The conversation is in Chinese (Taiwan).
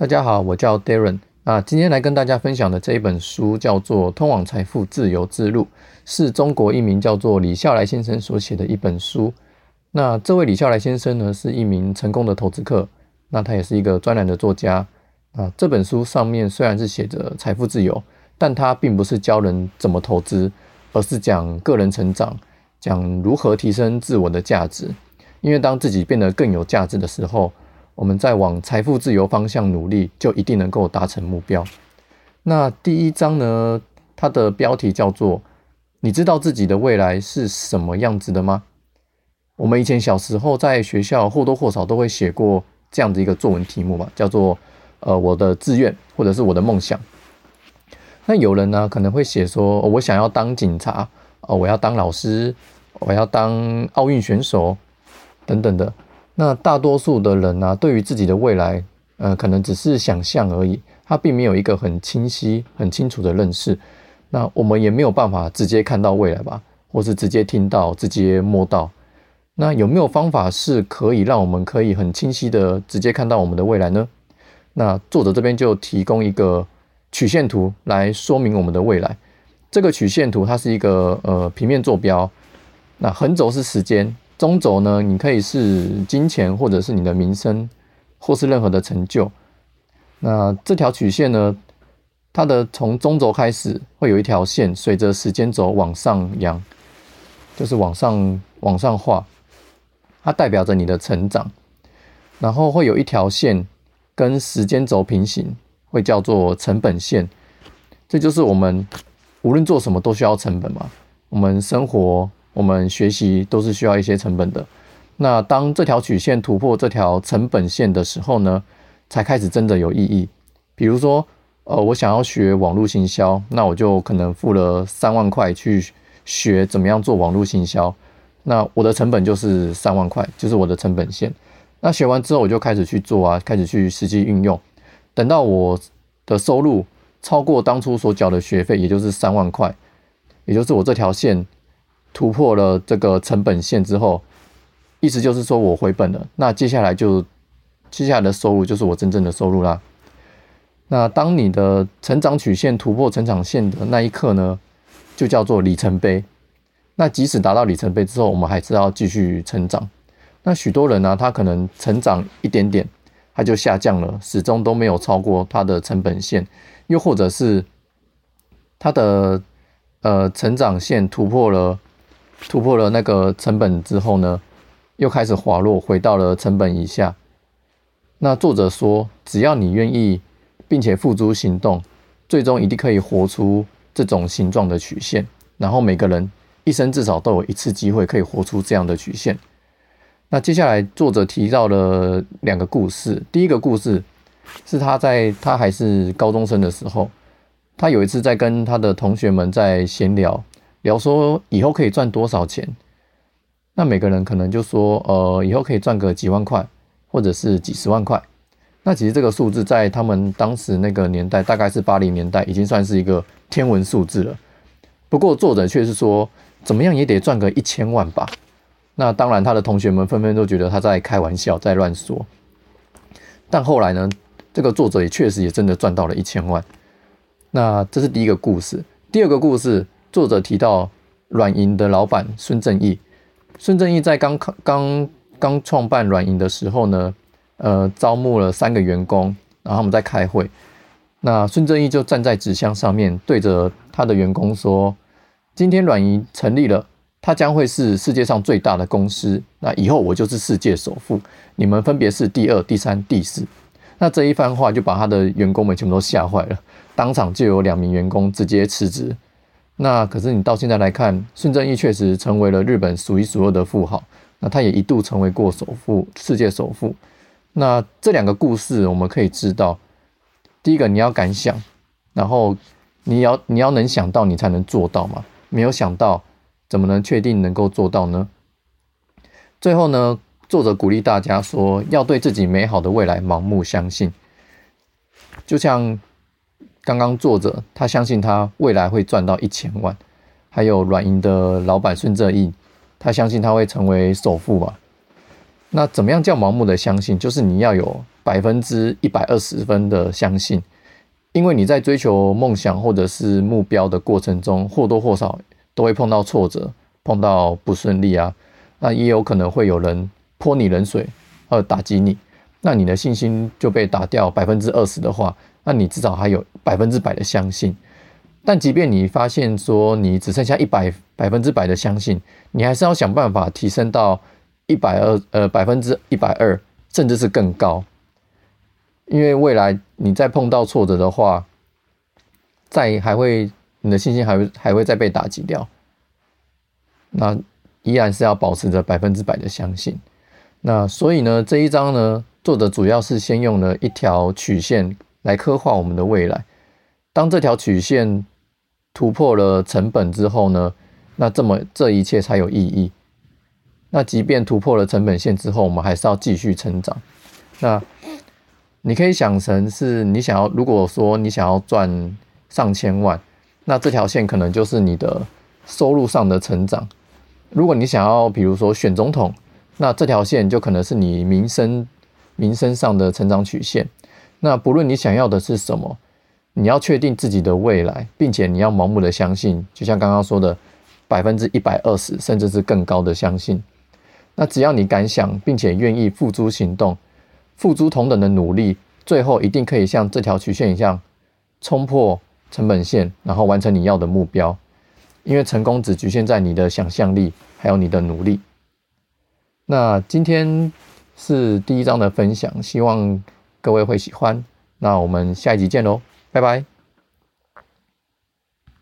大家好，我叫 Darren。那今天來跟大家分享的這一本書叫做《通往財富自由之路》，是中國一名叫做李笑來先生所寫的一本書。那這位李笑來先生呢，是一名成功的投資客，那他也是一個專欄的作家。啊，這本書上面雖然是寫着財富自由，但他並不是教人怎麼投資，而是講個人成長，講如何提升自我的價值。因為當自己變得更有價值的時候，我們再往財富自由方向努力，就一定能夠達成目標。那第一章呢，它的標題叫做“你知道自己的未來是什麼樣子的嗎？”我們以前小時候在學校或多或少都會寫過這樣的一個作文題目吧，叫做“呃，我的志願”或者是“我的夢想”。那有人呢，可能會寫說，哦：“我想要當警察啊，哦，我要當老師，我要當奧運選手，等等的。”那大多數的人呢、啊，對於自己的未來，呃，可能只是想象而已，他並沒有一個很清晰、很清楚的認識。那我們也沒有辦法直接看到未來吧，或是直接聽到、直接摸到。那有沒有方法是可以讓我們可以很清晰的直接看到我們的未來呢？那作者這邊就提供一個曲線圖來說明我們的未來。這個曲線圖它是一個呃平面坐標，那橫軸是時間。中軸呢，你可以是金錢，或者是你的名聲，或是任何的成就。那這條曲線呢，它的從中軸開始，會有一條線，隨着時間軸往上揚，就是往上往上畫，它代表着你的成長。然後會有一條線跟時間軸平行，會叫做成本線。這就是我們無論做什麼都需要成本嘛，我們生活。我們學習都是需要一些成本的。那當這條曲線突破這條成本線的時候呢，才開始真的有意義。比如說，呃，我想要學網絡行銷，那我就可能付了三萬塊去學怎麼樣做網絡行銷。那我的成本就是三萬塊，就是我的成本線。那學完之後，我就開始去做啊，開始去實際運用。等到我的收入超過當初所繳的學費，也就是三萬塊，也就是我這條線。突破了這個成本線之後，意思就是說我回本了。那接下來就接下來的收入就是我真正的收入啦。那當你的成長曲線突破成長線的那一刻呢，就叫做里程碑。那即使達到里程碑之後，我們還是要繼續成長。那許多人呢，啊，他可能成長一點點，他就下降了，始終都沒有超過他的成本線。又或者是他的呃成長線突破了。突破了那個成本之後呢，又開始滑落，回到了成本以下。那作者說，只要你願意，並且付諸行動，最終一定可以活出這種形狀的曲線。然後每個人一生至少都有一次機會可以活出這樣的曲線。那接下來作者提到了兩個故事。第一個故事是他在他還是高中生的時候，他有一次在跟他的同學們在閒聊。聊說以後可以賺多少錢？那每個人可能就說，呃，以後可以賺個幾萬塊，或者是幾十萬塊。那其實這個數字在他們當時那個年代，大概是八零年代，已經算是一個天文數字了。不過作者卻是說，怎麼樣也得賺個一千萬吧。那當然，他的同學們紛紛都覺得他在開玩笑，在亂說。但後來呢，這個作者也確實也真的賺到了一千萬。那這是第一個故事。第二個故事。作者提到，軟銀的老闆孫正義，孫正義在剛剛剛創辦軟銀的時候呢，呃，招募了三個員工，然後他們在開會，那孫正義就站在紙箱上面對着他的員工說：“今天軟銀成立了，它將會是世界上最大的公司。那以後我就是世界首富，你們分別是第二、第三、第四。”那這一番話就把他的員工們全部都嚇壞了，當場就有兩名員工直接辭職。那可是你到現在來看，孫正義確實成為了日本數一數二的富豪。那他也一度成為過首富，世界首富。那這兩個故事，我們可以知道，第一個你要敢想，然後你要你要能想到，你才能做到嘛。沒有想到，怎麼能確定能夠做到呢？最後呢，作者鼓勵大家說，要對自己美好的未來盲目相信，就像。剛剛作者，他相信他未來會賺到一千萬。還有軟銀的老板孫正義，他相信他會成為首富吧？那怎麼樣叫盲目的相信？就是你要有百分之一百二十分的相信。因為你在追求夢想或者是目標的過程中，或多或少都會碰到挫折，碰到不順利啊。那也有可能會有人潑你冷水，呃，打擊你，那你的信心就被打掉百分之二十的話，那你至少還有百分之百的相信，但即便你發現說你只剩下一百百分之百的相信，你還是要想辦法提升到一百二，呃，百分之一百二，甚至是更高，因為未來你再碰到挫折的話，再還會你的信心還會還會再被打擊掉，那依然是要保持着百分之百的相信。那所以呢，這一章呢，作者主要是先用了一條曲線。來刻畫我們的未來。當這條曲線突破了成本之後呢，那這麼這一切才有意義。那即便突破了成本線之後，我們還是要繼續成長。那你可以想成是你想要，如果說你想要賺上千萬，那這條線可能就是你的收入上的成長。如果你想要，比如說選總統，那這條線就可能是你名聲名聲上的成長曲線。那不論你想要的是什麼，你要確定自己的未來，並且你要盲目的相信，就像剛剛說的，百分之一百二十，甚至是更高的相信。那只要你敢想，並且願意付諸行動，付諸同等的努力，最後一定可以像這條曲線一樣，衝破成本線，然後完成你要的目標。因為成功只局限在你的想象力，還有你的努力。那今天是第一章的分享，希望。各位會喜歡，那我們下一集見嘍，拜拜！